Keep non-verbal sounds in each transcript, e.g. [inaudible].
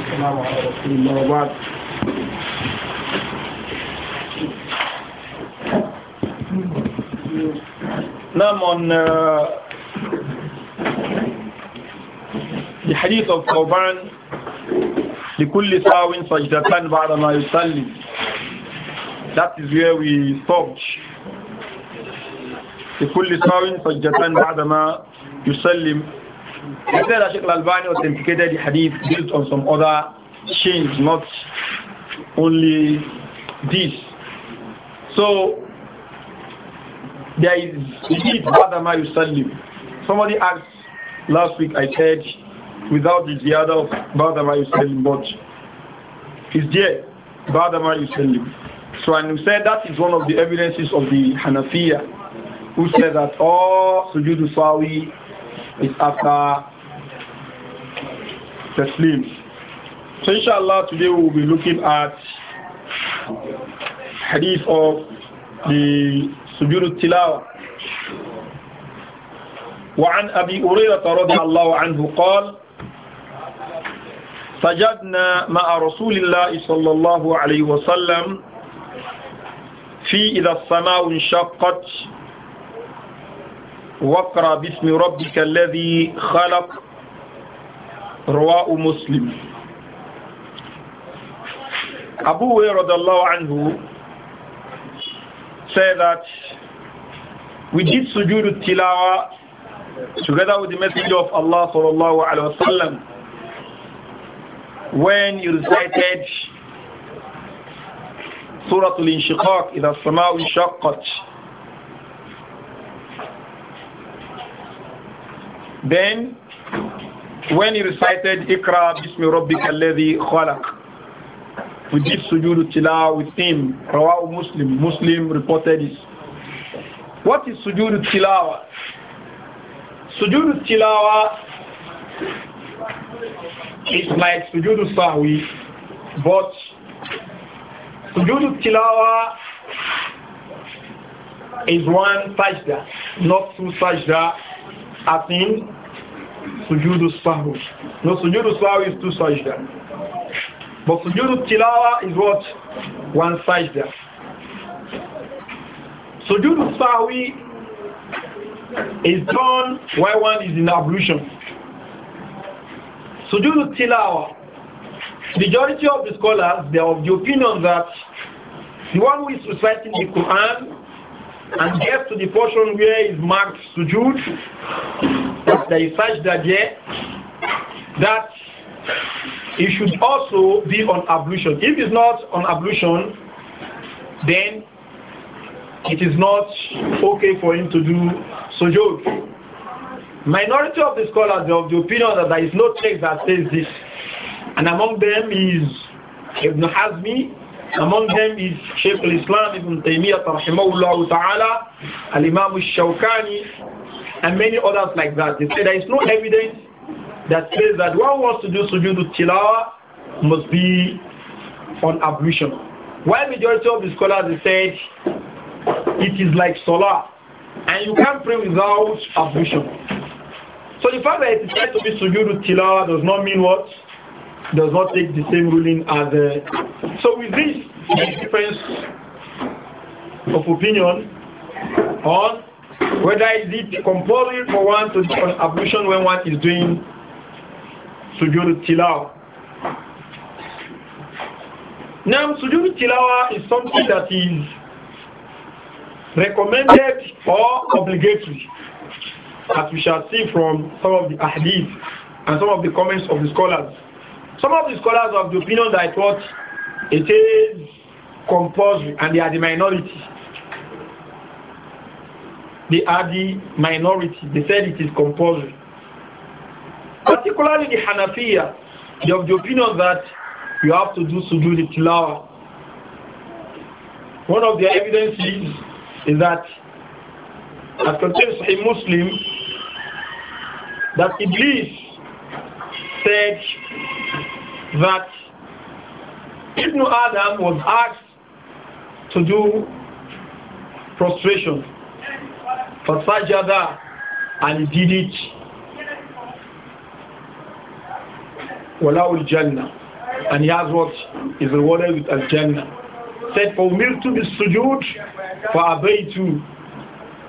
والسلام على رسول الله وبعد نعم عن الحديث uh, the لكل ساو سجدتان بعد ما يصلي That is where we stopped لكل ساو سجدتان بعد ما يسلم I said that Sheikh Al-Albani authenticated the hadith built on some other chains, not only this. So, there is Hadith Badama Yusallim. Somebody asked last week, I said, without the ziyada of Badama Yusallim, but is there Badama Yusallim? So, and we said that is one of the evidences of the Hanafiya, who said that all oh, sujudu sawi is after Taslim. So inshallah today we will be looking at hadith of the Sujud Tilawa. وعن أبي هريرة رضي الله عنه قال سجدنا مع رسول الله صلى الله عليه وسلم في إذا السماء انشقت واقرأ باسم ربك الذي خلق رواه مسلم Abu الله عنه say that we did sujood tilawa together with the messenger of Allah sallallahu alaihi wasallam when you recited Surah Al-Inshiqaq إذا السماء انشقت Then, when he recited Ikra Bismi Rabbika Alladhi Khalaq, we did sujood tilawa with him. Rawahu Muslim. Muslim reported this. What is sujood tilawa? Sujood tilawa is like sujood sahwi, but sujood tilawa is one sajda, not two sajda as in sujudu sahu. No, sujudu sahu is two sajda. But sujudu tilawa is what? One sajda. Sujudu sahu is done while one is in ablution. Sujudu tilawa. Majority of the scholars, they are of the opinion that the one who is reciting the Quran and get to the portion where is marked sujood, there is such that that it should also be on ablution. If it's not on ablution, then it is not okay for him to do sujood. Minority of the scholars are of the opinion that there is no text that says this. And among them is Ibn Hazmi among them is Shaykh al-Islam Ibn Taymiyyah rahimahullah ta'ala, al-Imam al-Shawkani, and many others like that. They say there is no evidence that says that one wants to do sujood tilawa must be on ablution. While majority of the scholars they said it is like salah, and you can't pray without ablution. So the fact that it is said to be sujood tilawa does not mean what? does not take the same ruling as the. So with this difference of opinion on whether is it compulsory for one to do an ablution when one is doing sujud tilawa. Now sujud tilawa is something that is recommended or obligatory as we shall see from some of the ahadith and some of the comments of the scholars. Some of the scholars of the opinion that what it is compulsory and they are the minority. They are the minority. They said it is compulsory. Particularly the Hanafiya, they have the opinion that you have to do sujood tilawa. One of their evidences is that, as contains a Muslim, that Iblis said that Ibn Adam was asked to do prostration for sajada and he did it. Walawul Jannah. And he has what is rewarded with Al Jannah. Said, For me to be sujood, for Abay too.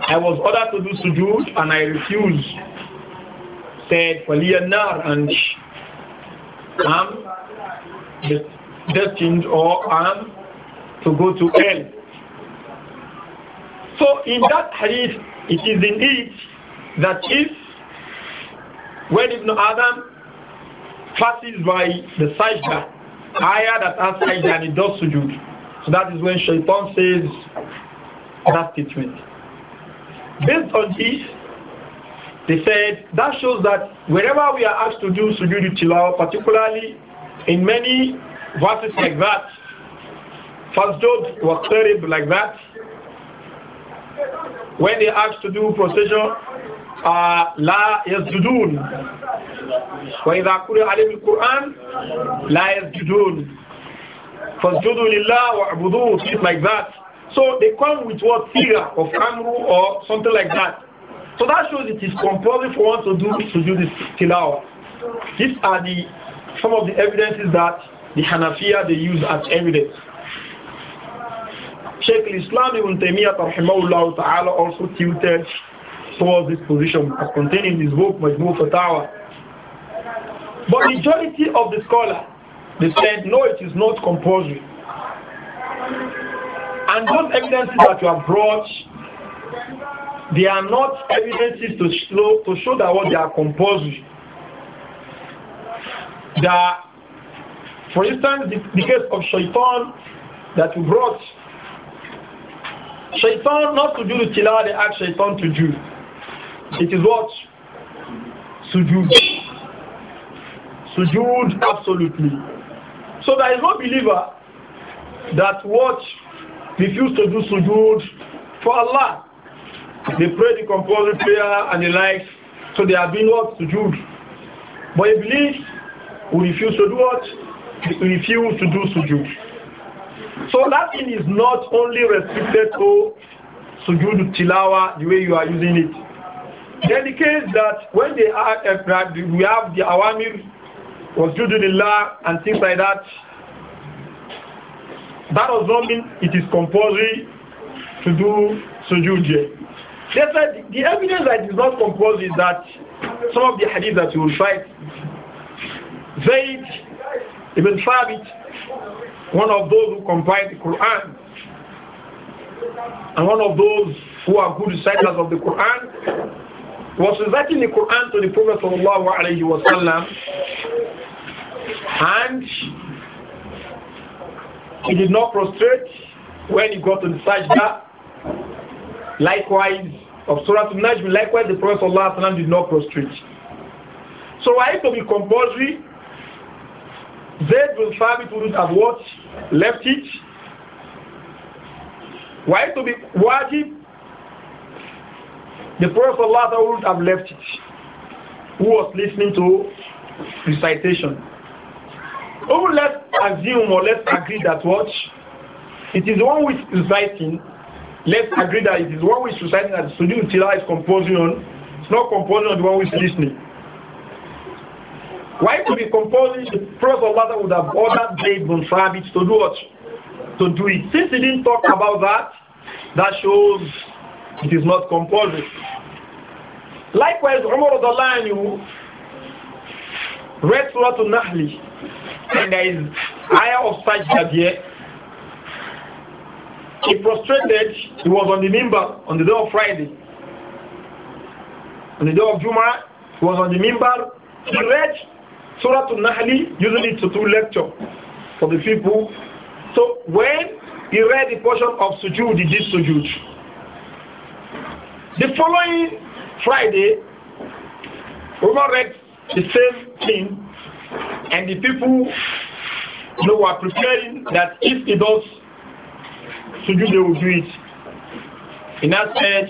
I was ordered to do sujood and I refused. Said, For Liyanar and i destined or am to go to hell. So in that hadith, it is indeed that if when Ibn Adam passes by the sajda, ayah that has sajda and it does sujood. So that is when Shaitan says that statement. Based on this, they said that shows that wherever we are asked to do sujood tilawah, particularly in many verses like that, Fasjod was terrible like that. When they asked to do procession, لا يسجدون وإذا قرئ عليهم القرآن لا يسجدون فاسجدوا لله واعبدوه things like that so they come with what fear of Amru or something like that so that shows it is compulsory for one to do to do this tilawa these are the some of the evidences that the Hanafiya they use as evidence. Sheikh Islam Ibn Taymiyyah ta'ala also tilted towards this position as contained in his book Majmu' Fatawa. But majority of the scholars they said no it is not compulsory. And those evidences that you have brought they are not evidences to show, to show that what they are compulsory that, for instance, the, case of shaitan that you brought, shaitan not to do the tilah, they ask shaitan to do. It is what? Sujood. Sujood, absolutely. So there is no believer that what refuse to do sujood for Allah. They pray the compulsory prayer and the likes, so they have been what sujood. But he believes who refuse to do what? refuse to do sujood. So Latin is not only restricted to sujood tilawa the way you are using it. Then the case that when they are, uh, we have the awamir, was due the law and things like that, that does not mean it is compulsory to do sujood here. the evidence that it is not compulsory is that some of the hadith that you will find Zaid ibn Thabit, one of those who compiled the Quran, and one of those who are good reciters of the Quran, was reciting the Quran to the Prophet wasallam, and he did not prostrate when he got to the sajda. Likewise, of Surah Al-Najm, likewise the Prophet ﷺ did not prostrate. So why to be compulsory Zaid bin Thabit wouldn't have what? Left it. Why to be wajib? The Prophet Allah wouldn't have left it. Who was listening to recitation? Oh, let's assume or let's agree that what? It is one with reciting. Let's agree that it is one with reciting that Sudu Tila is composing on. It's not composing on the one who is listening. Why to be composing the Prophet of would have ordered Zayd bin to do what? To do it. Since he didn't talk about that, that shows it is not compulsory. Likewise, Umar of the read Surah to Nahli, and there is ayah of Sajjad here. He prostrated, he was on the mimbar on the day of Friday. On the day of Juma, he was on the mimbar, he read Surah Al-Nahli usually to do lecture for the people. So when he read the portion of sujood, he did sujood. The following Friday, Umar read the same thing, and the people you know, were preparing that if he does sujood, they will do it. In that said,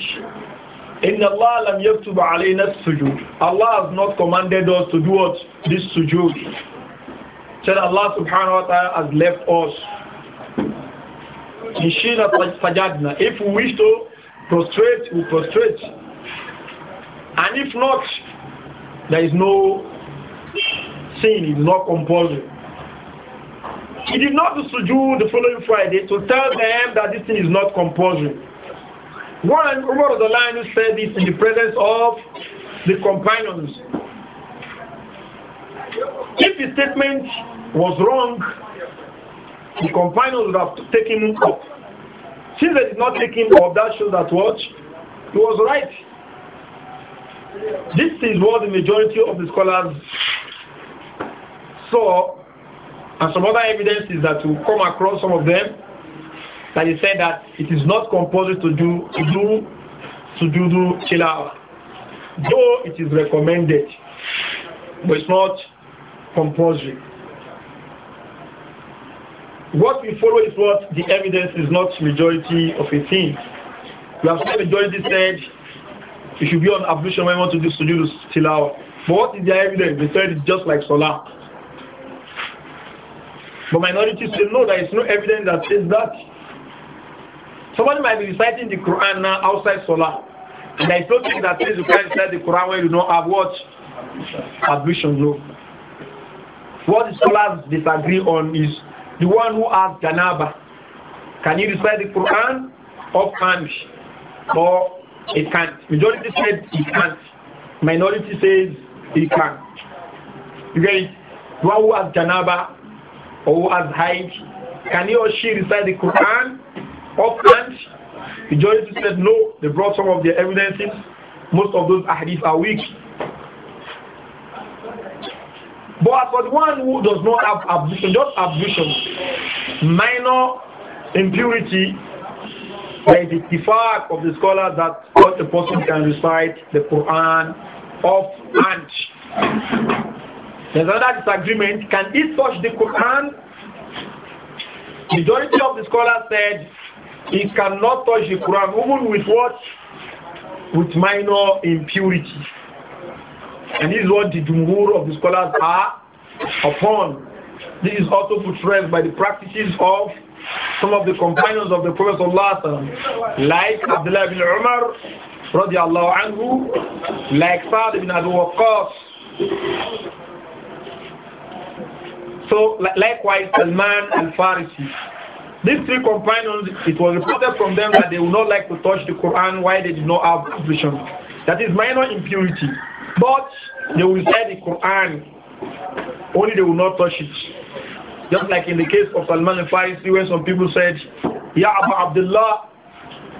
Inna Allah lam yaktub alayna sujood. Allah has not commanded us to do what? This sujood. Said Allah subhanahu wa ta'ala has left us. If we wish to prostrate, we prostrate. And if not, there is no sin, it is not compulsory. He did not do sujood the following Friday to tell them that this thing is not compulsory. One Umar the line who said this in the presence of the companions. If the statement was wrong, the companions would have taken him up. Since they did not take him up, that shows that what? He was right. This is what the majority of the scholars saw, and some other evidence is that will come across some of them that he said that it is not compulsory to do to do to do, do tilawa, though it is recommended, but it's not compulsory. What we follow is what the evidence is not majority of a thing. We have said majority said it should be on ablution when we want to do sujood tilawa. But what is the evidence? They said it's just like solar. But minority say no, there is no evidence that says that. Somebody might be reciting the Quran now outside Salah. And there is think that says you can't recite the Quran when you do not have what? Ablution, no. What the scholars disagree on is the one who has Janaba. Can you recite the Quran of hand? Or it can't. Majority said it can't. Minority says it can. You get it? The one who has Janaba or who has Hajj, can he or she recite the Quran upfront. The said no, they brought some of their evidences. Most of those hadiths are weak. But for the one who does not have ablution, just ablution, minor impurity, there is the fact of the scholar that what the person can recite the Quran off hand. There's another disagreement. Can he touch the Quran? majority of the scholars said he cannot touch the Quran even with what? With minor impurity. And this is what the Jumhur of the scholars are upon. This is also portrayed by the practices of some of the companions of the Prophet like Abdullah bin Umar radiallahu anhu, like Saad would bin Abu Waqqas. So likewise Salman al-Farisi these three companions, it was reported from them that they would not like to touch the Quran Why they did not have ablution. That is minor impurity. But they will say the Quran, only they will not touch it. Just like in the case of Salman al-Farisi when some people said, Ya Abu Abdullah,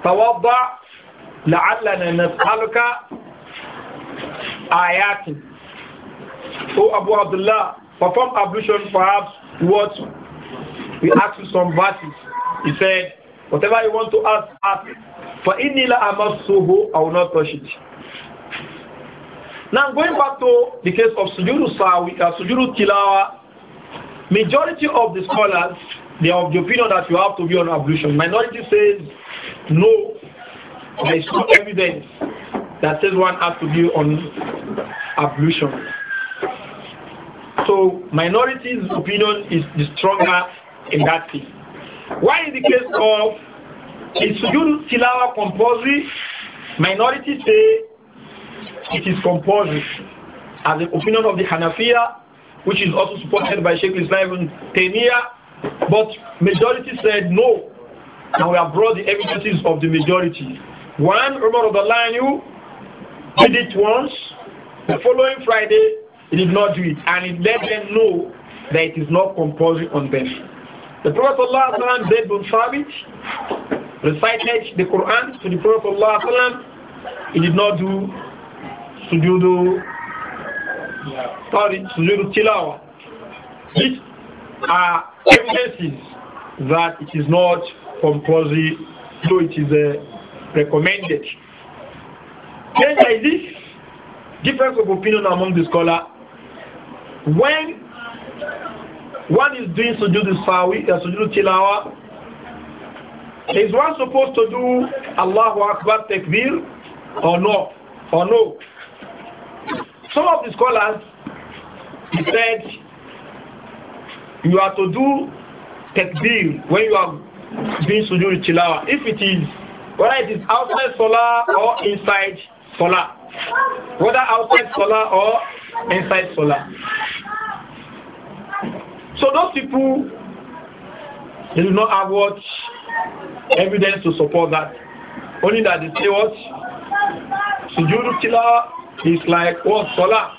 tawadda la'allana nas'aluka ayatin. So Abu Abdullah, perform ablution perhaps what we asked you some verses. He said, whatever you want to ask, ask. For inila amasuhu, I will not touch it. Now going back to the case of Sujuru sawi, uh, sujudu tilawa, majority of the scholars they are of the opinion that you have to be on ablution. Minority says no. There is no evidence that says one has to be on ablution. So minority's opinion is the stronger in that case. Why in the case of is sujood tilawa compulsory? Minority say it is compulsory, as the opinion of the Hanafiya, which is also supported by Sheikh Islam Ibn Taymiyyah, but majority said no. And we have brought the evidences of the majority. One, Umar of the Lion, did it once. The following Friday, he did not do it. And it let them know that it is not compulsory on them. The Prophet ﷺ, Zayd bin Thabit, recited the Quran to the Prophet ﷺ. He did not do sujudu sujudu tilawa. These are evidences that it is not compulsory, though it is uh, recommended. Then there is this difference of opinion among the scholar. When one is doing sujood sawi, uh, sujood tilawa. Is one supposed to do Allahu Akbar takbir or no? Or no? Some of the scholars said you are to do takbir when you are doing sujood tilawa. If it is whether it is outside solar or inside solar, whether outside solar or inside solar. So those people, they do not have what evidence to support that. Only that they say what? Sujudu killer is like what? Salah.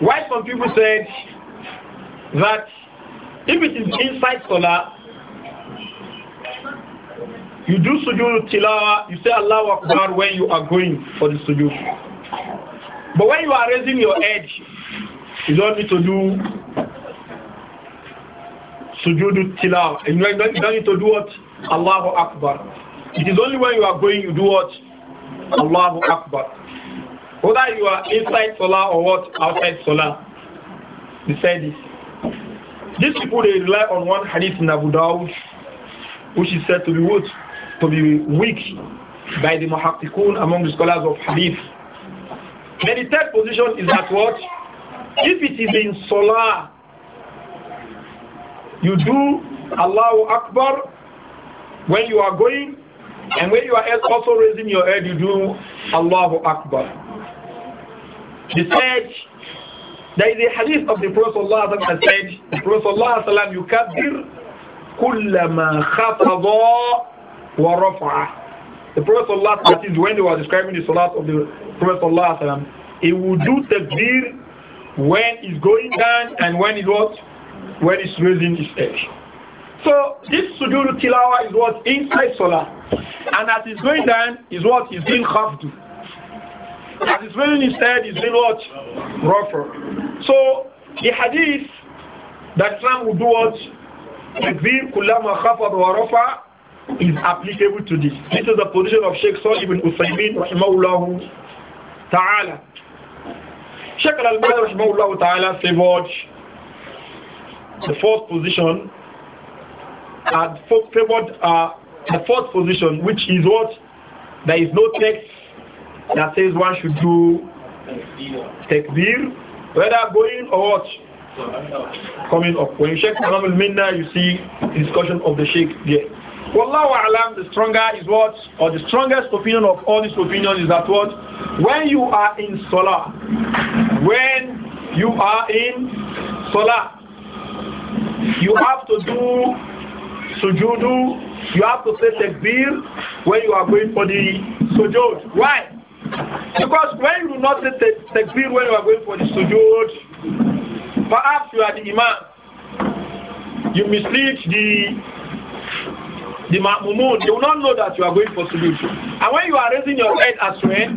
Why some people said that if it is inside Salah, you do sujood tilawa, you say Allah Akbar when you are going for the Sujud. But when you are raising your head, you don't need to do sujudu tilaw. You don't need to do what? Allahu Akbar. It is only when you are going you do what? Allahu Akbar. Whether you are inside Salah or what? Outside Salah. He said this. These people they rely on one hadith in Abu Dawud, which is said to be what? To be weak by the muhakkikun among the scholars of hadith. Then the third position is that what? If it is in Salah, you do Allahu Akbar when you are going, and when you are also raising your head, you do Allahu Akbar. He said, there is a hadith of the Prophet Allah that said, the Prophet Allah kullama كلما wa ورفع. The Prophet Allah, that is when they were describing the salat of the Prophet Allah, he would do takbir when it's going down and when it what? When it's raising its edge? So this sujood tilawa is what inside solar, and as it's going down is what is being khafdu. As it's raising its head is being what rougher. So the hadith that Islam will do what Yadhir kullama khafad wa rafa is applicable to this. This is the position of Sheikh Saul ibn Usaymin rahimahullah ta'ala. Sheikh Al-Albani rahimahullah ta'ala favored the fourth position had favored uh, the fourth position which is what there is no text that says one should do takbir whether going or what coming up when Sheikh Imam al-Minna you see discussion of the Sheikh there Wallahu alam, the stronger is what, or the strongest opinion of all these opinions is that what, when you are in Salah, when you are in Salah, you have to do sujudu, you have to say takbir when you are going for the sujud. Why? Because when you do not say takbir when you are going for the sujud, perhaps you are the imam, you mislead the the ma'mumun, they will not know that you are going for solution. And when you are raising your head as well,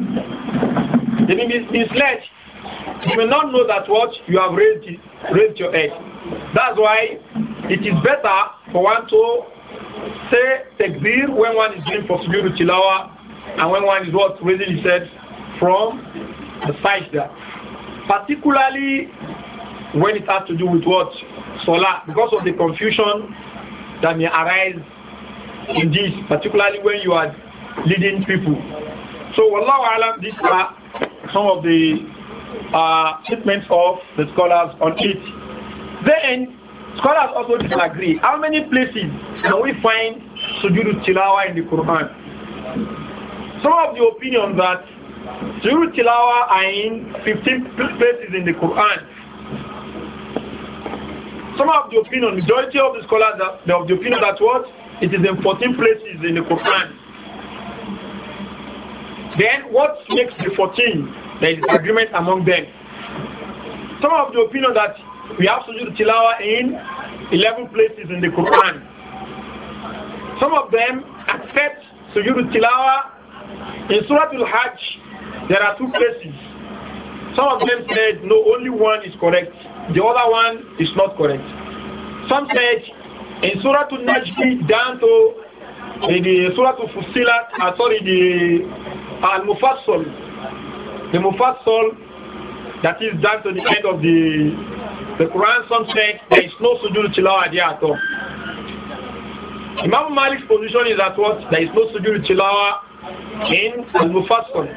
they will be misled. You will not know that what you have raised, raised your head. That's why it is better for one to say takbir when one is doing for sujood tilawa and when one is what raising his head from the side there. Particularly when it has to do with what? Salah. Because of the confusion that may arise in this, particularly when you are leading people. So, Allah Alam, these are some of the uh, statements of the scholars on it. Then, scholars also disagree. How many places can we find sujood tilawa in the Quran? Some of the opinion that sujood tilawa are in 15 places in the Quran. Some of the opinion, majority of the scholars are of the opinion that what? It is in 14 places in the Quran. Then what makes the 14? There is agreement among them. Some of the opinion that we have sujood tilawa in 11 places in the Quran. Some of them accept sujood tilawa in Surah Al-Hajj. There are two places. Some of them said no, only one is correct. The other one is not correct. Some said in Surah to Najmi down to in the Surah to Fusilat, uh, sorry, the uh, Al-Mufassal, the Mufassal that is down to the end of the the Quran, some say there is no sujood tilawah there at all. Imam Malik's position is that what? There is no sujood tilawah in Al-Mufassal.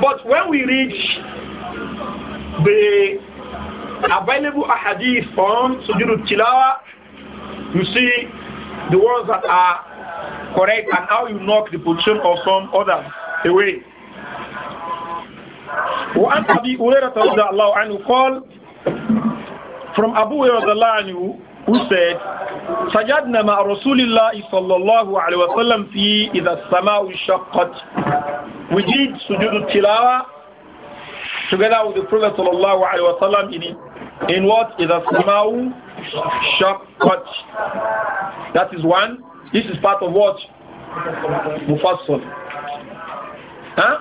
But when we reach the available ahadith from sujood tilawa you see the ones that are correct and how you knock the position of some others away. وعن أبي هريرة رضي الله عنه قال from Abu Hurairah who said سجدنا مع رسول الله صلى الله عليه وسلم في إذا السماء شقت we did sujood tilawah together with the Prophet صلى الله عليه وسلم in in what is a small shortcut. That is one. This is part of what? Mufassal. Huh?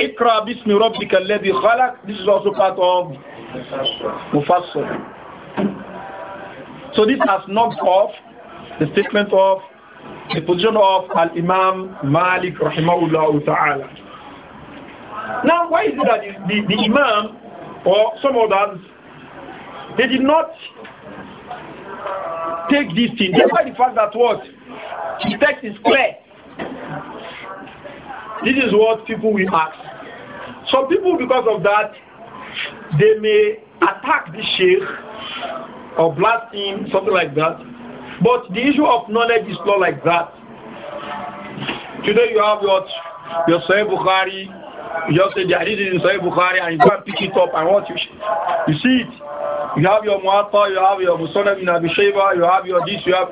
Ikra bismi rabbika alladhi khalaq. This is also part of Mufassal. So this has knocked off the statement of the position of Al-Imam Malik rahimahullah ta'ala. Now why is it that the, the, the Imam or some others, they did not take this thing. Despite the fact that what? The text is clear. This is what people will ask. Some people, because of that, they may attack the sheikh or blast him, something like that. But the issue of knowledge is not like that. Today you have your, your Sahih Bukhari, you just say the hadith is in Sahih Bukhari and you go and pick it up and what you, you see it. You have your Muatta, you have your Musanab in Abi Shayba, you have your this, you have.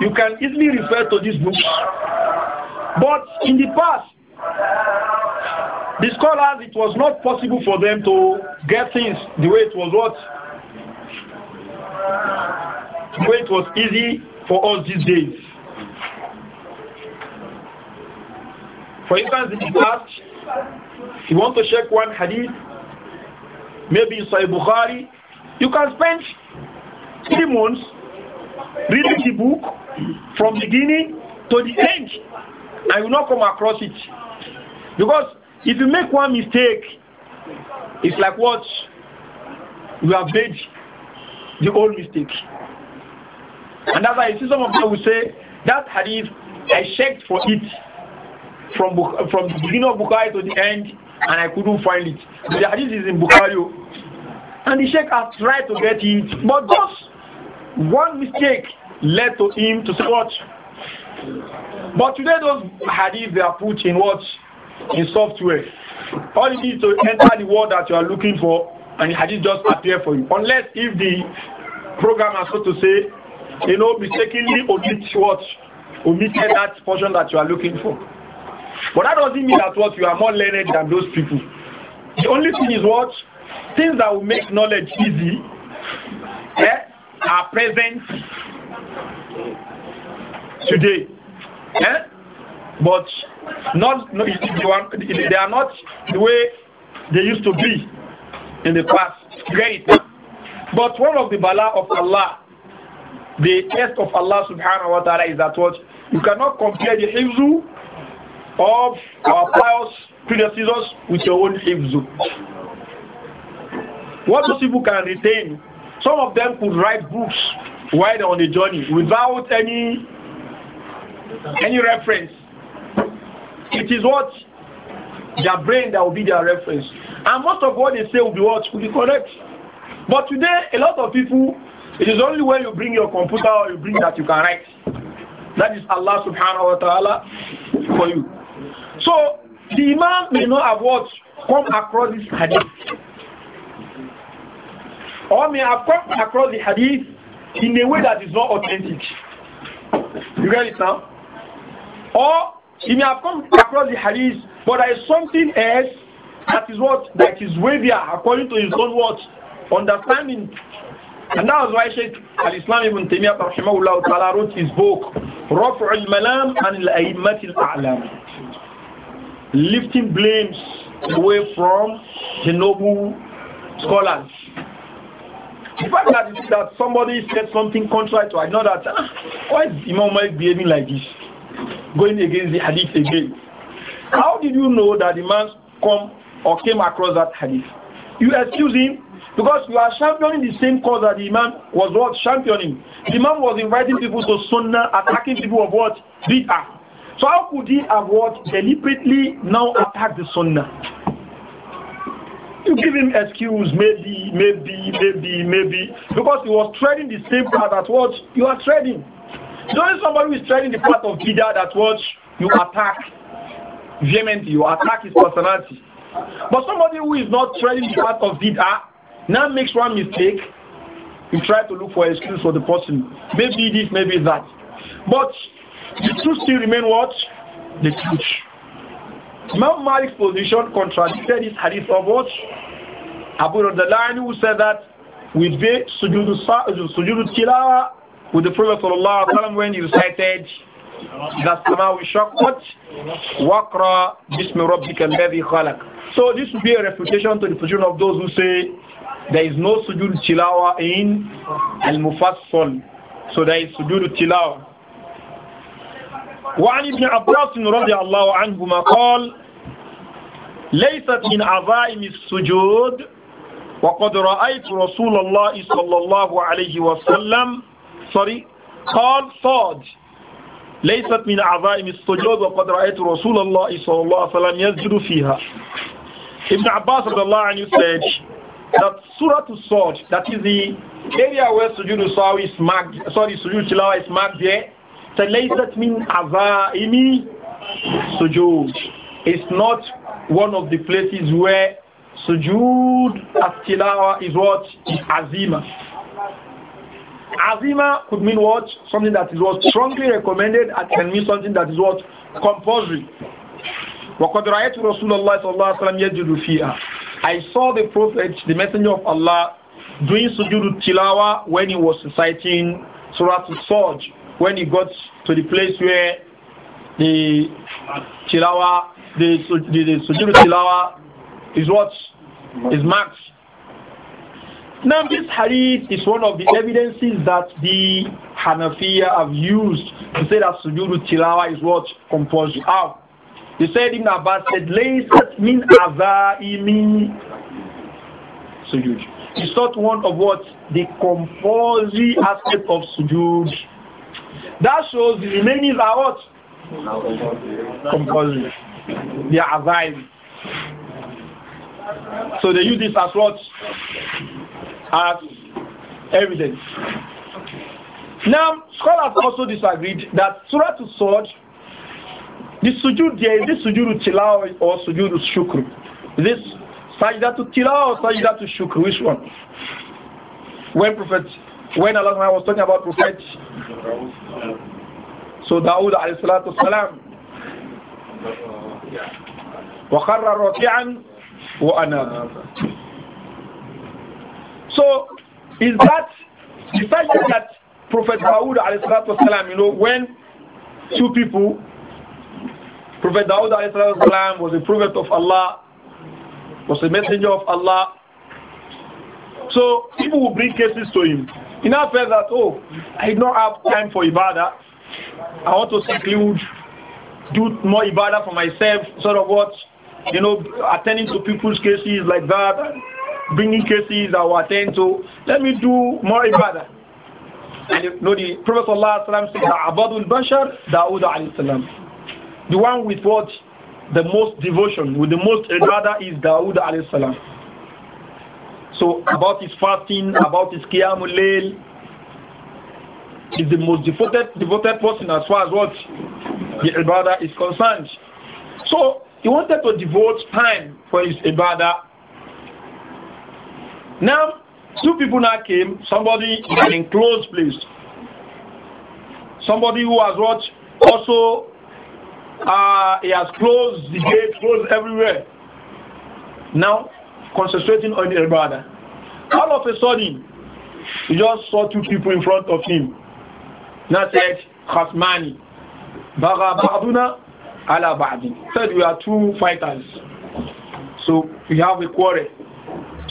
You can easily refer to these books. But in the past, the scholars, it was not possible for them to get things the way it was what? The way it was easy for us these days. For instance, in the past, you want to check one hadith, maybe in Sahih Bukhari, you can spend three months reading the book from beginning to the end, and you will not come across it. Because if you make one mistake, it's like what you have made the old mistake. And that's why I see some of them will say, that hadith, I checked for it from, from the beginning of Bukhari to the end and I couldn't find it. The hadith is in Bukhari. Oh. And the sheikh has tried to get it, but just one mistake led to him to say what? But today those hadiths they are put in what? In software. All you need to enter the word that you are looking for and the hadith just appear for you. Unless if the has so to say, you know, mistakenly omit what? Omitted that portion that you are looking for. But that doesn't mean that what you are more learned than those people. The only thing is what things that will make knowledge easy eh, are present today. Eh? But not no, they are not the way they used to be in the past. Great. But one of the bala of Allah, the test of Allah subhanahu wa ta'ala is that what you cannot compare the hifzu of our pious predecessors with your own hifzu. What those people can retain, some of them could write books while they're on a the journey without any any reference. It is what their brain that will be their reference. And most of what they say will be what will be correct. But today, a lot of people, it is only when you bring your computer or you bring that you can write. That is Allah subhanahu wa ta'ala for you. So the Imam may not have what come across this hadith. Or may have come across the hadith in a way that is not authentic. You get it now? Or he may have come across the hadith, but there is something else that is what that is wavier according to his own words, understanding. And that was why Sheikh Al Islam ibn Taymiyyah Rahimahullah Ta'ala wrote his book, Rafu al Malam and al A'immat al A'lam lifting blames away from the noble scholars. The fact that, that somebody said something contrary to another, ah, why is Imam Malik behaving like this? Going against the hadith again. How did you know that the man come or came across that hadith? You excuse him because you are championing the same cause that the Imam was what championing. The Imam was inviting people to Sunnah, attacking people of what? Bid'ah. So how could he have what deliberately now attacked the sunnah? You give him excuse, maybe, maybe, maybe, maybe, because he was treading the same path that what you are treading. The somebody who is treading the path of bidah that what you attack vehemently, you attack his personality. But somebody who is not treading the path of bidah now makes one mistake. You try to look for excuse for the person. Maybe this, maybe that. But the two still remain what? The truth. Imam Malik's position contradicted his hadith of what? Abu Radalani who said that with the sujood tilawa with the Prophet sallallahu alaihi wasallam when he recited that sama we what waqra bismi rabbika alladhi khalaq. So this would be a refutation to the position of those who say there is no sujood tilawa in al-mufassal. So there is sujood tilawa. وعن ابن عباس رضي الله عنهما قال ليست من عظائم السجود وقد رأيت رسول الله صلى الله عليه وسلم صري قال صاد ليست من عظائم السجود وقد رأيت رسول الله صلى الله عليه وسلم يسجد فيها ابن عباس رضي الله عنه said that Surah to that is the area where Sujud Sawi is marked, sorry, Sujud Tilawa is marked there, فَلَيْسَتْ مِنْ عَظَائِمِ سُجُودِ It's not one of the places where sujood at is what? Is azima. Azima could mean what? Something that is what? Strongly recommended and can mean something that is what? Compulsory. وَقَدْ رَأَيْتُ رَسُولَ اللَّهِ صَلَّى اللَّهُ عَلَيْهِ وَسَلَّمْ يَجُدُ فِيهَا I saw the Prophet, the Messenger of Allah, doing sujood tilawa when he was reciting Surah Al-Sajj when he got to the place where the Chilawa, the, the, the Chilawa is what? Is marked. Now this hadith is one of the evidences that the Hanafiya have used to say that Sujuru Chilawa is what? composed How? They said in Abbas said, Laysat min azaimi sujud. It's not one of what? The compulsory aspect of sujud. That shows the remaining are what? Compulsory. They are advised. So they use this as what? As evidence. Now, scholars also disagreed that Surah to Surah, the sujud there is this sujud to tilaw or sujud to shukr. This sajda to tilaw or sajda to shukr, which one? When Prophet when Allah was talking about Prophet, so Dawood alayhi salatu salam, وَخَرَّ wa وَأَنَابًا So, is that, the fact that Prophet Dawood alayhi salatu salam, you know, when two people, Prophet Dawood alayhi salatu salam was a prophet of Allah, was a messenger of Allah, so people will bring cases to him. He now felt that, oh, I do not have time for Ibadah. I want to seclude, do more Ibadah for myself, sort of what, you know, attending to people's cases like that, bringing cases I will attend to. Let me do more Ibadah. And you know, the Prophet ﷺ said, Abadul Bashar, Dawood alayhi The one with what? The most devotion, with the most ibadah is Dawood alayhi so about his fasting, about his Qiyamul Layl, the most devoted, devoted person as far as what the Ibadah is concerned. So he wanted to devote time for his Ibadah. Now, two people now came, somebody in an enclosed place, somebody who has what also uh, he has closed the gate, closed everywhere. Now, concentrating on the brother. All of a sudden, he just saw two people in front of him. Now said, Khasmani, Baga Ba'duna, Ala Ba'di. Said, we are two fighters. So we have a quarrel.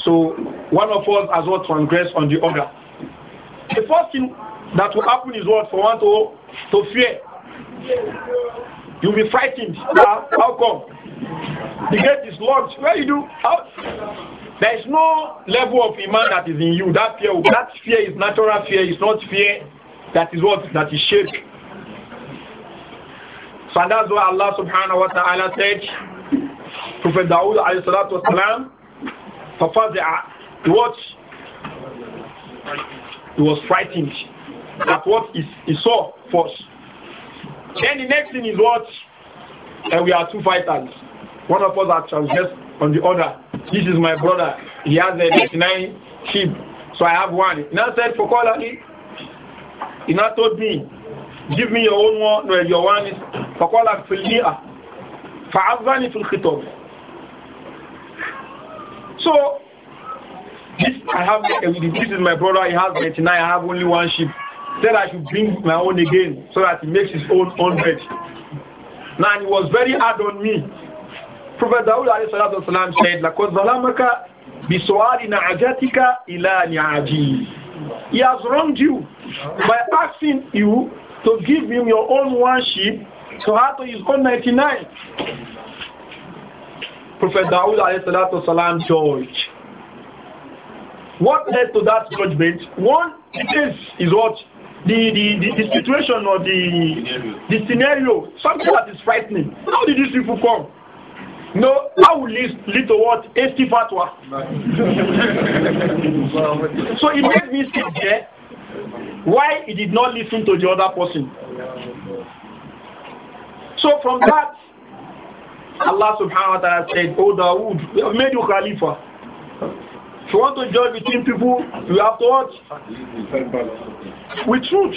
So one of us has what transgressed on the other. The first thing that will happen is what? For one to, to fear. You'll be frightened. How come? The gate is locked. Where you do? There is no level of iman that is in you. That fear, that fear is natural fear. It's not fear. That is what that is shirk. So that's why Allah Subhanahu wa Taala said, Prophet Dawood alayhi salatu wasalam, what he was frightened at what he, he saw first. Then the next thing is what, and eh, we are two fighters. One of us has transgressed on the other. This is my brother. He has a 99 sheep. So I have one. He now said, for quality. He now told me, give me your own one. No, your one is for quality fil mi'a. Fa'azzani fil So, this I have. This is my brother. He has 99. I have only one sheep. Said I should bring my own again so that he makes his own bed. Now he was very hard on me Prophet Dawud والسلام, said, لَقَدْ ظَلَمَكَ بِسُوَالِ نَعَجَتِكَ إِلَى نِعَجِي He has wronged you by asking you to give him your own one sheep to her to his own 99. Prophet Dawud والسلام, judged. What led to that judgment? One is, is what? The, the, the, the situation or the, the scenario, something that is frightening. How did these people come? No, I will lead, lead to what? Hasty fatwa. [laughs] so he made me sit there. Eh, why he did not listen to the other person? So from that, Allah subhanahu wa ta'ala said, Oh Dawood, we have made you Khalifa. If you want to judge between people, you have to watch with truth.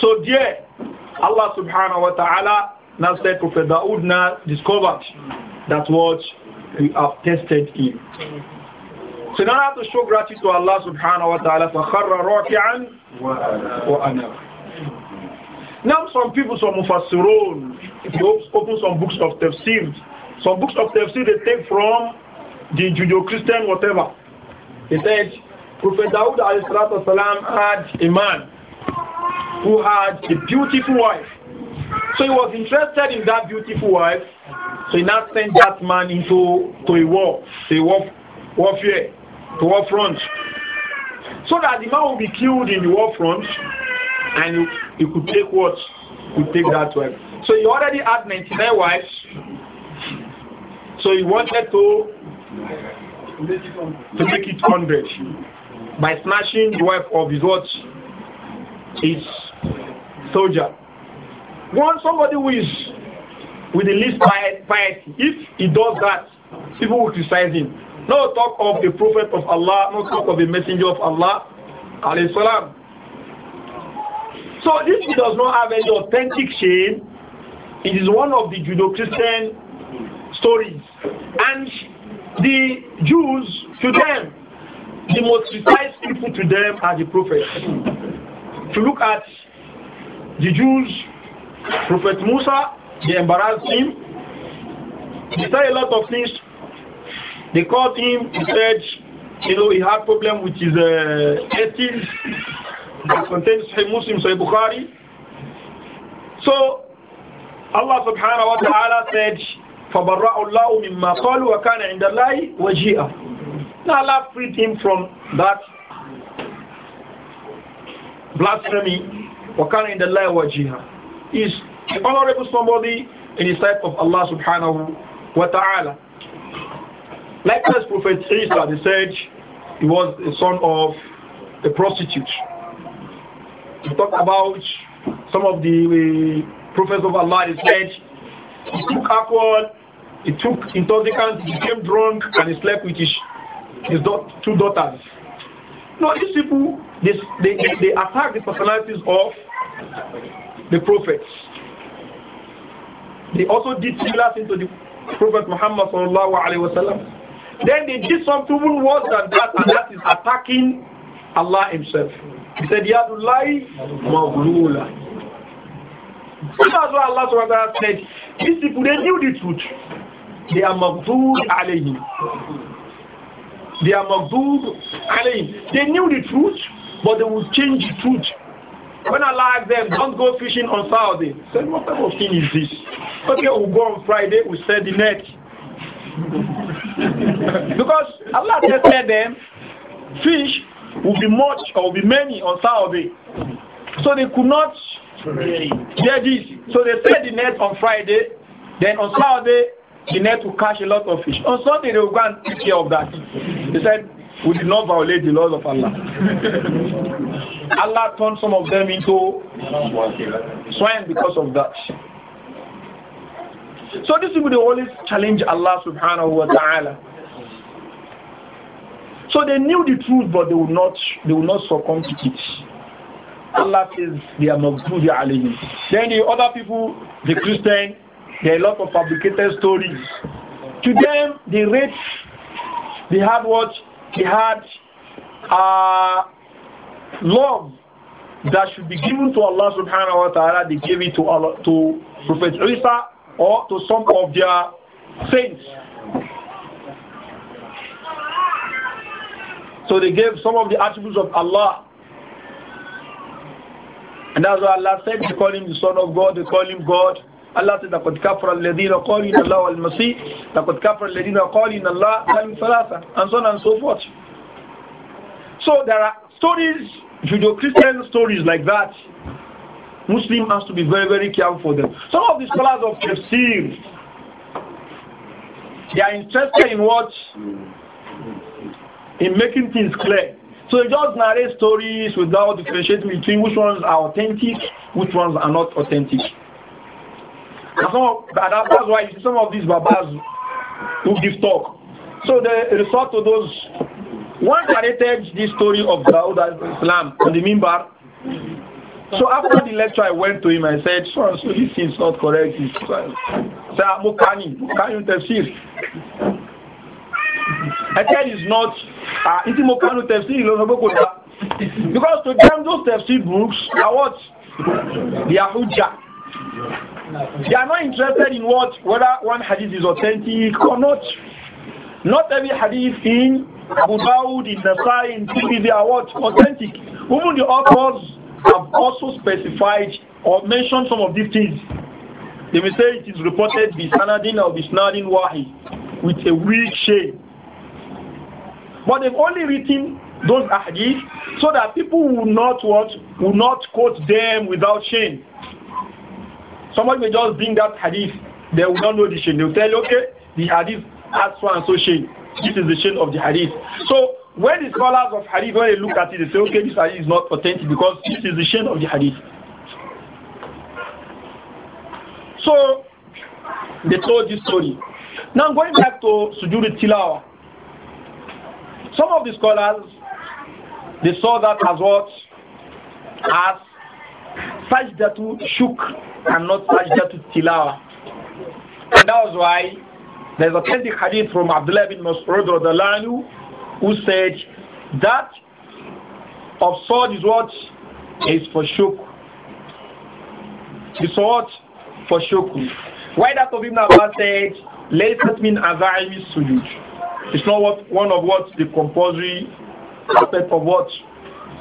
So dear, Allah subhanahu wa ta'ala now said Prophet Dawood now discovered that what we have tested him. So now I have to show gratitude to Allah subhanahu wa ta'ala for kharra raki'an wa ana. Now some people, some mufassirun, they open some books of tafsir. Some books of tafsir they take from the Judeo-Christian whatever. They said Prophet Dawood had a man who had a beautiful wife so he was interested in that beautiful wife. So he now sent that man into to a war, a war, warfare, to war front. So that the man will be killed in the war front and he, he could take what? could take that wife. So he already had 99 wives. So he wanted to to make it 100 by smashing the wife of his what? His soldier. Once somebody who is with the least piety, if he does that, people will criticize him. No talk of the Prophet of Allah, no talk of the Messenger of Allah, salam. So this does not have any authentic shame. It is one of the Judo-Christian stories. And the Jews, to them, the most precise people to them are the prophets. To look at the Jews Prophet Musa, they embarrassed him. They said a lot of things. They called him, he said, you know, he had problem with his uh, ethics that contains Sahih Muslim, Sahih Bukhari. So, Allah subhanahu wa ta'ala said, فَبَرَّأُ اللَّهُ مِمَّا قَالُوا وَكَانَ عِنْدَ اللَّهِ وَجِيئًا Now Allah freed him from that blasphemy. وَكَانَ عِنْدَ اللَّهِ وَجِيئًا is an honorable somebody in the sight of Allah subhanahu wa ta'ala. as Prophet Isa, they said he was the son of a prostitute. We talked about some of the uh, prophets of Allah, they said he took alcohol, he took intoxicants, he became drunk, and he slept with his, his two daughters. Now, these people, they, they, they attack the personalities of the prophets. They also did similar things to the Prophet Muhammad sallallahu alaihi wasallam. Then they did something even worse than that, and that is attacking Allah Himself. He said, Yadullahi Mawlula. So that's why Allah said, These people, they knew the truth. They are Maghdud alayhim. They are Maghdud alayhim. They knew the truth, but they will change the truth when I like them, don't go fishing on Saturday, Say, said, what type of thing is this? Okay, we'll go on Friday, we'll set the net. [laughs] because Allah tested them, fish will be much or will be many on Saturday. So they could not bear this. So they set the net on Friday, then on Saturday, the net will catch a lot of fish. On Sunday, they will go and take care of that. They said, we did not violate the laws of Allah. Allah turned some of them into swine because of that. So this will the only challenge Allah subhanahu wa ta'ala. So they knew the truth but they would not they would not succumb to it. Allah says they are maghdubi alayhim. Then the other people, the Christian, they are a lot of fabricated stories. To them, the rich, they have what he had a uh, love that should be given to Allah subhanahu wa ta'ala, they gave it to Allah, to Prophet Isa or to some of their saints. So they gave some of the attributes of Allah. And that's why Allah said they call him the Son of God, they call him God. Allah said, لَقَدْ كَفْرَ الَّذِينَ قَالِينَ اللَّهُ الْمَسِيحِ لَقَدْ كَفْرَ الَّذِينَ قَالِينَ اللَّهُ الْمَسِيحِ And so on and so forth. So there are stories, Judeo-Christian stories like that. Muslim has to be very, very careful for them. Some of the scholars of Tafsir, they are interested in what? In making things clear. So they just narrate stories without differentiating between which ones are authentic, which ones are not authentic some of, that, that's why some of these babas who give talk. So they result to those. One narrated this story of Dawood al-Islam on the Mimbar. So after the lecture, I went to him and said, so, so this is not correct. It's, so, ah, Mukani, you Tafsir. I said it's not, ah, it's Mukani Tafsir, because to them those Tafsir books are what? They are hujjah. They are not interested in what whether one hadith is authentic or not. Not every hadith in Abu Dawud, in the in Tirmidhi they are what? Authentic. Even the authors have also specified or mentioned some of these things. They may say it is reported Bisanadin or Bisnadin Wahi with a weak chain. But they've only written those hadith so that people will not what will not quote them without shame. Somebody may just bring that hadith. They will not know the chain. They'll tell, okay, the hadith has so and so chain. This is the chain of the hadith. So when the scholars of hadith, when they look at it, they say, okay, this hadith is not authentic because this is the chain of the hadith. So they told this story. Now going back to Sujuri Tilawa, some of the scholars they saw that as what as sajdatu shukr and not sajdatu tilawa. And that was why there's a authentic hadith from Abdullah bin Mas'ud dalani who said that of sword is what is for shukr. The sword for shukr. Why that of Ibn Abbas said, Laysat min azaimi sujud. It's not what, one of what the compulsory aspect of what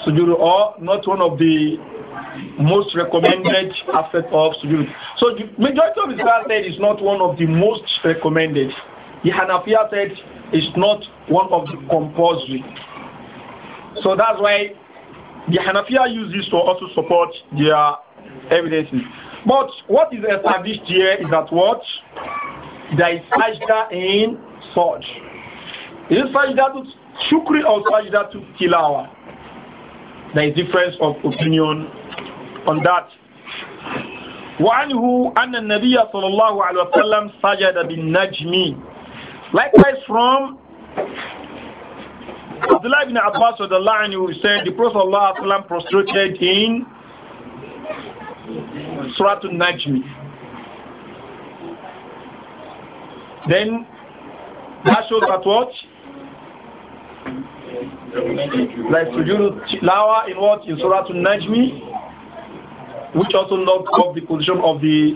sujud or not one of the most recommended aspect of sujood. So the majority of Islam said is not one of the most recommended. The Hanafiya said is not one of the compulsory. So that's why the Hanafiya use this to also support their evidences. But what is established here is that what? There is sajda in Saj. Is it sajda to shukri or sajda to tilawa? There is difference of opinion on that. وعنه أن النبي صلى الله عليه وسلم سجد بالنجم Likewise from Abdullah ibn Abbas of the line who said the Prophet Allah Wasallam prostrated in Surah Najmi. Then that shows that what? Like sujood lawa in what? In Surah Najmi which also locked up the position of the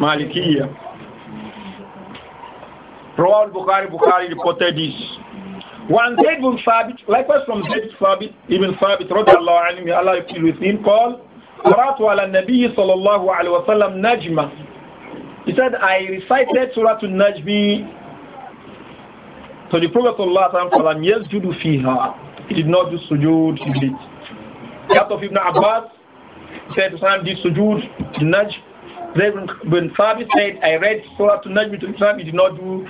Malikiyya. Rawal Bukhari Bukhari reported this. One Zayd bin Thabit, likewise from Zayd Thabit, Ibn Thabit, الله anhu, may Allah be with him, called, قرأت على النبي صلى الله عليه وسلم نجمة. He said, I recited Surah Al-Najmi to the Prophet Allah فَلَمْ يَسْجُدُ fiha. He did not do sujood He did. That of Ibn Abbas, said Islam did sujood, did not. Zayd when Fabi said, I read Surah to Najm to Islam, he did not do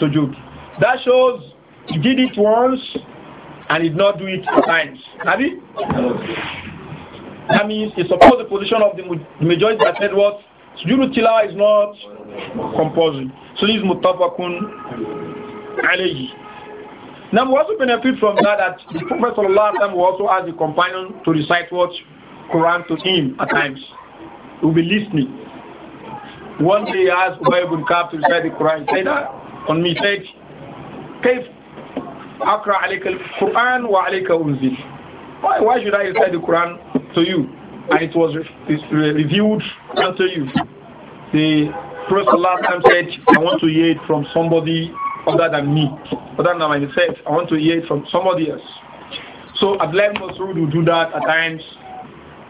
sujood. That shows he did it once and did not do it two times. Have you? That means he supports the position of the majority that said what? Sujood tilawa is not compulsory. So this is mutafakun alayhi. Now we also benefit from that that the Prophet will also asked the companion to recite what Quran to him at times. He will be listening. One day he asked Ubay ibn Ka'b to recite the Quran. He said, ah, on me, said, كيف أقرأ عليك القرآن وعليك أنزل why, why should I recite the Quran to you? And it was revealed unto you. The Prophet last time said, I want to hear it from somebody other than me, other than myself. I want to hear it from somebody else. So Abdullah Masrud will do that at times.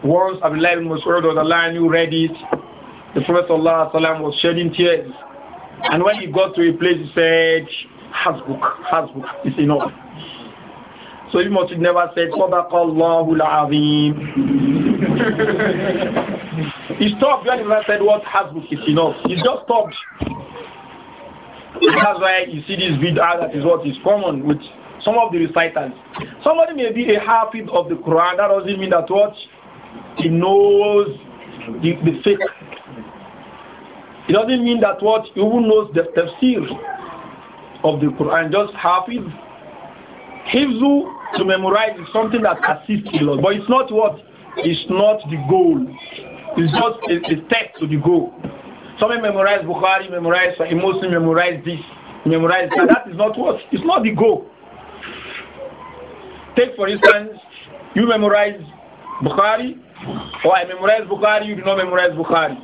Once Abdullah ibn Mas'ud or the lion you read it, the Prophet Allah was shedding tears. And when he got to a place, he said, Hasbuk, Hasbuk, it's enough. So you must never say, Sadaqallahu al-Azim. [laughs] he stopped You he said what Hasbuk is enough. He just stopped. That's why you see this video that is what is common with some of the reciters. Somebody may be a half of the Quran, that doesn't mean that what he knows the, the fake. It doesn't mean that what he who knows the tafsir of the Quran just hafiz. Hifzu to memorize is something that assists a lot, but it's not what it's not the goal. It's just a, a step to the goal. Somebody memorize Bukhari, memorize a Muslim, memorize this, memorize that. That is not what it's not the goal. Take for instance, you memorize Bukhari, or I memorize Bukhari, you do not memorize Bukhari.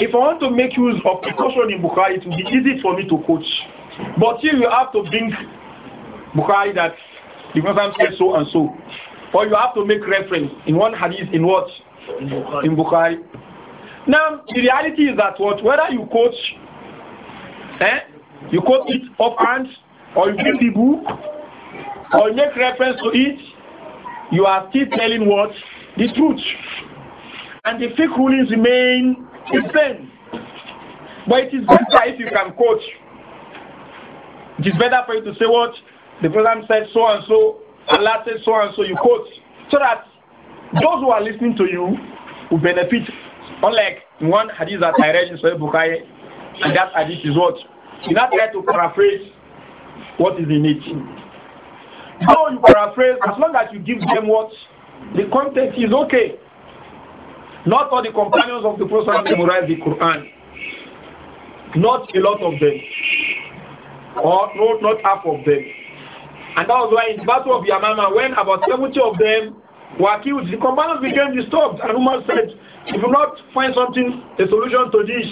If I want to make use of precaution in Bukhari, it will be easy for me to coach. But here you have to bring Bukhari that the am said so and so. Or you have to make reference in one hadith in what? In Bukhari. in Bukhari. Now, the reality is that what whether you coach, eh, you quote it offhand, or you read the book, or you make reference to it, you are still telling what the truth. And the fake rulings remain the same. But it is better if you can quote. It is better for you to say what the program said so and so, Allah said so and so, you quote. So that those who are listening to you will benefit. Unlike one hadith that I read in Sahih Bukhari, and that hadith is what? You not try to paraphrase what is in it. Though you paraphrase, as long as you give them what the content is okay. Not all the companions of the Prophet memorized the Quran. Not a lot of them. Or no, not half of them. And that was why in the Battle of Yamama, when about 70 of them were killed, the companions became disturbed. And Umar said, if you not find something, a solution to this,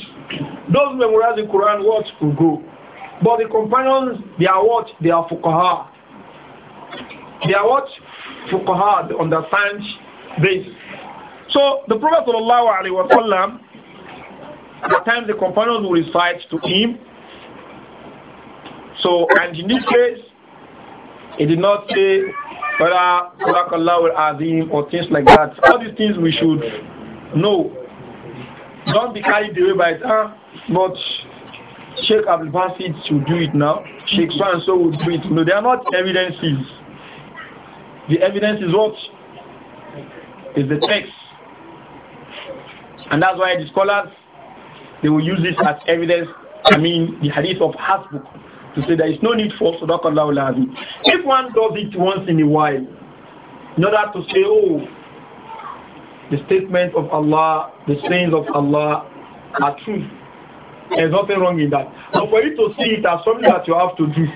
those memorize the Quran, words will go? But the companions, they are what? They are fuqaha. They are what? Fuqahad on the sand basis. So the Prophet sallallahu alaihi wasallam, at times the companions will recite to him. So and in this case, he did not say whether Sadaqallahu al-Azim or things like that. All these things we should know. Don't be carried away by it. Huh? But Sheikh Abdul Basit should do it now. Sheikh so and so will do it. No, they are not evidences. The evidence is what? Is the text. And that's why the scholars, they will use this as evidence. I mean, the hadith of Hasbuk to say there is no need for Sadaqallahu Lazim. If one does it once in a while, in order to say, oh, the statement of Allah, the sayings of Allah are true. There's nothing wrong in that. But for you to see it as something that you have to do,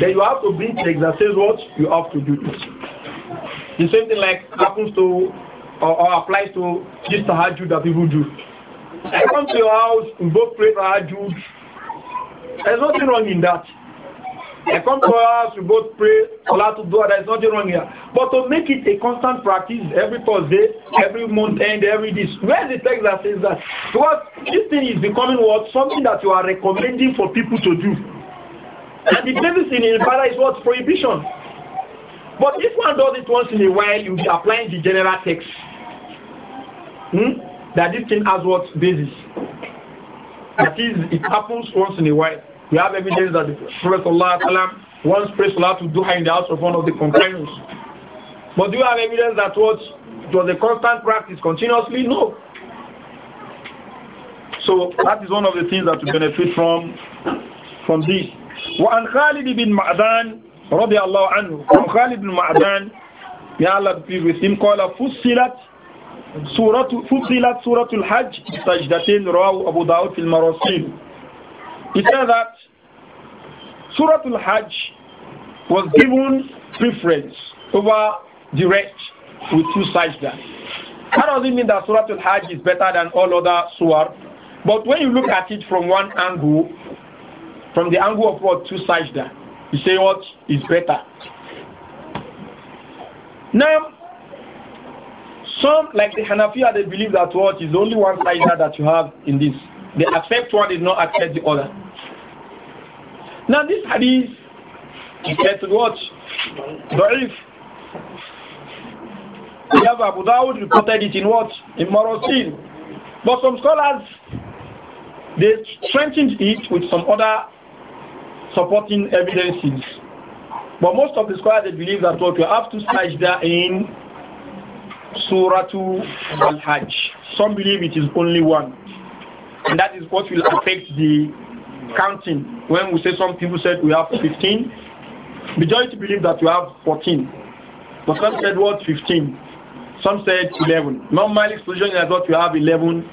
then you have to bring the exercise what you have to do. It. The same thing like happens to or, or applies to this Hajj that people do. I come to your house, and both pray tahajjud. There's nothing wrong in that. I come to your house, we both pray Allah to do There's nothing wrong here. But to make it a constant practice every Thursday, every month and every this. Where is the text that says that? Because this thing is becoming what? Something that you are recommending for people to do. And the basis in Ibadah is what? Prohibition. But if one does it once in a while, you'll be applying the general text. Hmm? That this thing has what basis. That is, it happens once in a while. We have evidence that the Prophet ﷺ once prayed Salah to Duha in the house of one of the companions. But do you have evidence that what it was a constant practice continuously? No. So that is one of the things that we benefit from from this. وعن خالد بن معدان رضي الله عنه from Khalid bin Ma'dan may Allah be with him قال فصلت سورة فصلت سورة الحج سجدتين رواه أبو داود في المراسيل He said that Surah Al-Hajj was given preference over the rest with two sajda. That doesn't mean that Surah Al-Hajj is better than all other surah, but when you look at it from one angle, from the angle of what two sajda, you say what is better. Now, some like the Hanafiya, they believe that what is only one side that you have in this. They accept one, they not accept the other. Now this hadith is said to what? Da'if. We have Abu Dawud reported it in what? In Morosin. But some scholars, they strengthened it with some other supporting evidences. But most of the scholars they believe that what we have to there in Surah Al-Hajj. Some believe it is only one. And that is what will affect the counting. When we say some people said we have 15, majority believe that you have 14. But some said what 15. Some said 11. Normal explosion is what you have 11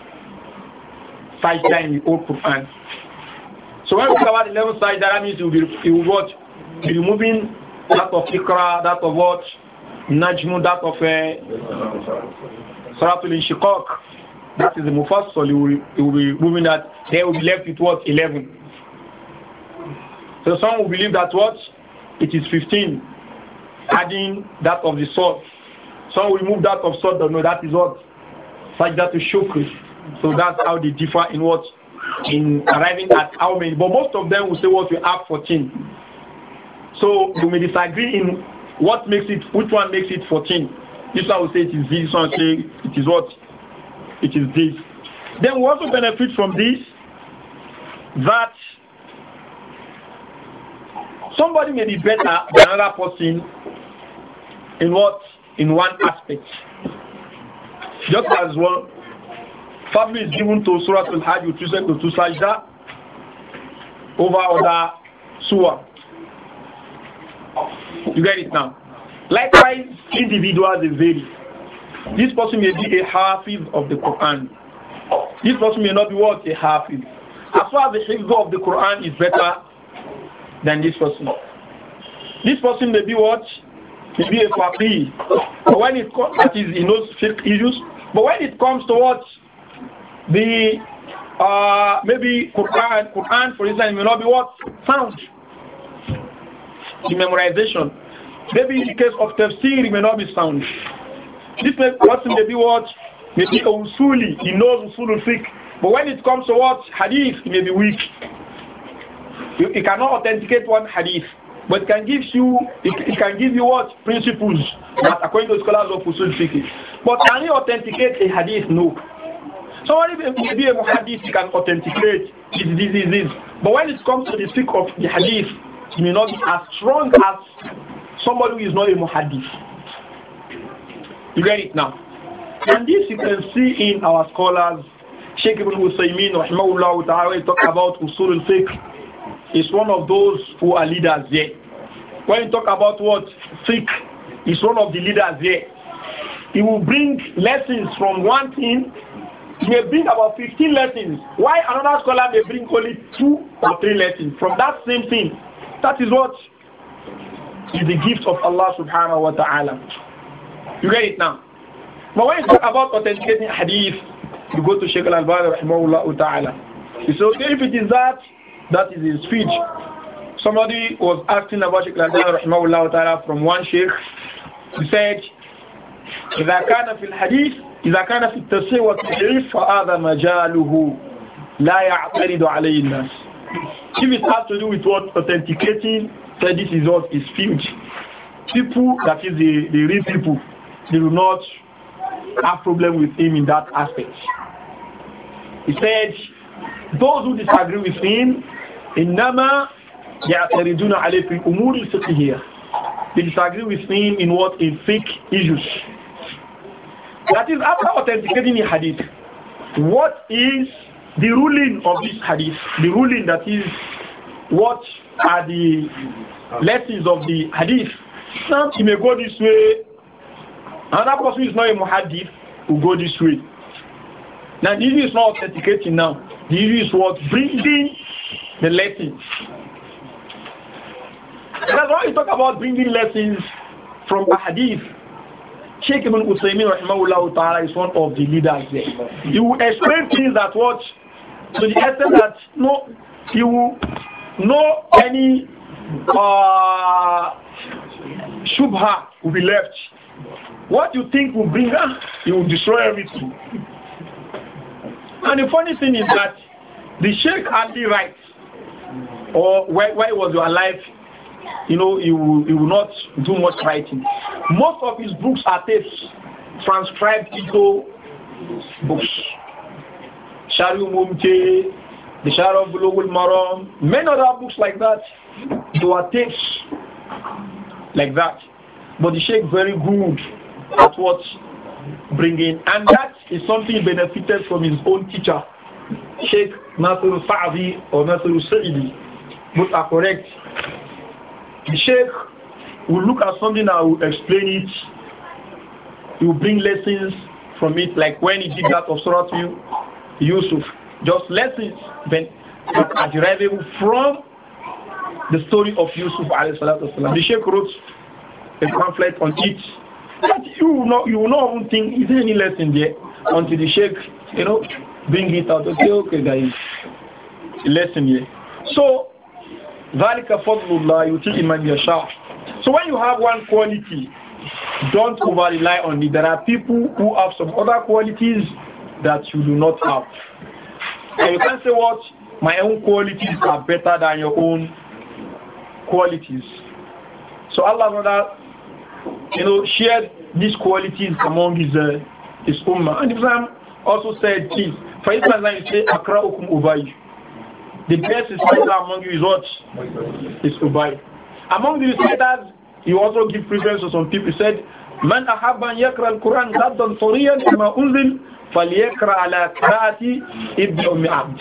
Five in the Old Quran. So when we talk about the level side, that means you will be, you what? Be removing that of Ikra, that of what? Najmu, that of uh, eh, Saratul Inshiqaq. That is the Mufassal, you will, you will be moving that. They will be left with what? 11. So some will believe that what? It is 15. Adding that of the sword. Some will remove that of sword, no, that is what? Sajda to Shukri. So that's how they differ in what? in arriving at how many, but most of them will say what we have 14. So you may disagree in what makes it, which one makes it 14. This one will say it is this, this one will say it is what? It is this. Then we also benefit from this that somebody may be better than another person in what? In one aspect. Just as well, Family is given to Surah Al-Hajj with respect to Sajda over other surah. You get it now? Likewise, individuals they vary. This person may be a hafiz of the Quran. This person may not be what? A hafiz. As far as the hifz of the Quran is better than this person. This person may be what? May be a faqih. But when it comes, that is, he knows fiqh issues. But when it comes to what? The uh, maybe Quran, Quran for instance, may not be what sound. The memorization. Maybe in the case of tafsir, it may not be sound. This may what may be what maybe usuli. He knows usuli fiqh, but when it comes to what hadith, it may be weak. it cannot authenticate one hadith but can give you it, it, can give you what principles that according to scholars of usul fiqh. But can you authenticate a hadith? No. So you be a hadith can authenticate this, diseases. But when it comes to the speak of the hadith, you may not be as strong as somebody who is not a muhaddith. You get it now? And this you can see in our scholars. Sheikh Ibn Husaymin, rahimahullah ta'ala, talk about usul al-fiqh. He's one of those who are leaders there. When you talk about what? Fiqh. He's one of the leaders there. He will bring lessons from one thing may bring about 15 lessons, Why another scholar may bring only two or three lessons from that same thing. That is what is the gift of Allah subhanahu wa ta'ala. You get it now? But when you talk about authenticating hadith, you go to Sheikh al-Albani rahimahullah ta'ala. You so if it is that, that is his speech. Somebody was asking about Sheikh al-Albani rahimahullah ta'ala from one sheikh. He said, إذا كان في الحديث إذا كان في التصحيح والتضعيف فهذا مجاله لا يعترض عليه الناس If it has to do with what authenticating, say this is what is filmed. People, that is the, the real people, they do not have problem with him in that aspect. He said, those who disagree with him, إنما يعترضون عليه في أمور الفقهية. They disagree with him in what? In fiqh issues. That is, after authenticating a hadith, what is the ruling of this hadith? The ruling that is, what are the lessons of the hadith? Some you may go this way, another person is not a muhadith will go this way. Now, this is not authenticating now. this is what bringing the lessons. That's why we talk about bringing lessons from a hadith Sheikh Ibn Uthaymeen rahimahullah ta'ala is one of the leaders there. He will explain things that what to the extent that no he will know any uh, shubha will be left. What you think will bring her, you will destroy everything. And the funny thing is that the Sheikh had the right, or why, why was your life? You know, you will, you will not do much writing. Most of his books are tapes transcribed into books. Sharu mumte, the Shara of Bulogul Maram, many other books like that. They were tapes like that. But the Sheikh very good at what bringing, and that is something he benefited from his own teacher, Sheikh Nasir Sa'di or Nasir Sa'idi. Both are correct. The Sheikh we'll look at something that will explain it. You bring lessons from it, like when he did that of Surah to Yusuf. Just lessons that are derivable from the story of Yusuf The Sheikh wrote a pamphlet on it. That you will not, you will not even think is there any lesson there until the Sheikh, you know, bring it out. Okay, okay, guys, lesson here. So, ذلك فضل الله يؤتيه من يشاء so when you have one quality, don't over rely on it. There are people who have some other qualities that you do not have. And you can say what my own qualities are better than your own qualities. So Allah that you know shared these qualities among his uh, his ummah. And Islam also said this. For instance, you say Akraukum Ubay, the best is among you is what? Is Ubay. Among the reciters, he also give preference to some people. He said, "Man, من أحب أن يقرأ القرآن غدا طريا كما أنزل فليقرأ على قراءة ابن أم عبد.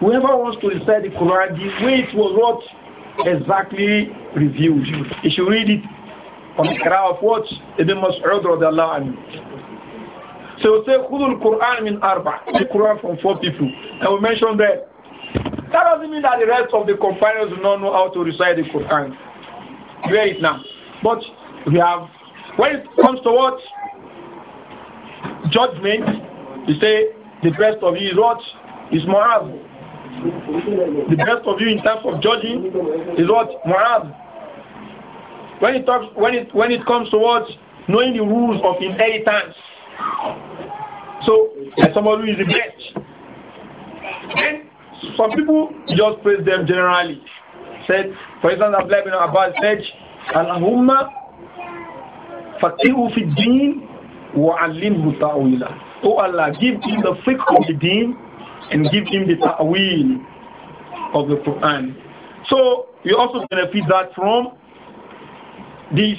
Whoever wants to recite the Quran, the way it was not exactly revealed, he should read it on the Qur'an of what? Ibn Mas'ud radiallahu anhu. So we say, خذوا Quran من أربع. The Quran from four people. And we mentioned that that doesn't mean that the rest of the companions do not know how to recite the Quran. Where is now? But we have, when it comes to what? Judgment, you say the best of you is what? Is Moab. The best of you in terms of judging is what? Moab. When it, talks, when, it, when it comes to what? Knowing the rules of inheritance. So, someone who is the best. Then some people just praise them generally. Said, for instance, Abdullah ibn Abbas said, Allahumma fatihu fi deen wa alimhu ta'wila. Oh Allah, give him the fiqh of the deen and give him the ta'wil of the Quran. So, you also benefit that from this,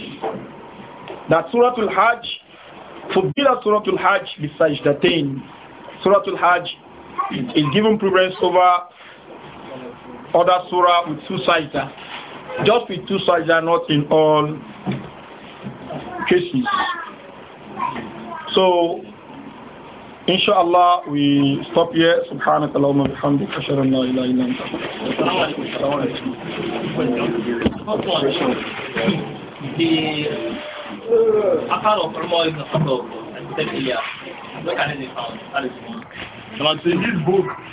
that Suratul hajj Fudila Suratul hajj bi sajdatain. Suratul hajj is given preference over other surah with two sides, Just with two sajda, not in all cases. So, inshallah, we stop here. Subhanak Allahumma bihamdik. Asharan la ilaha illa anta. The uh, akar of Ramah is a Look at it. Number two, this book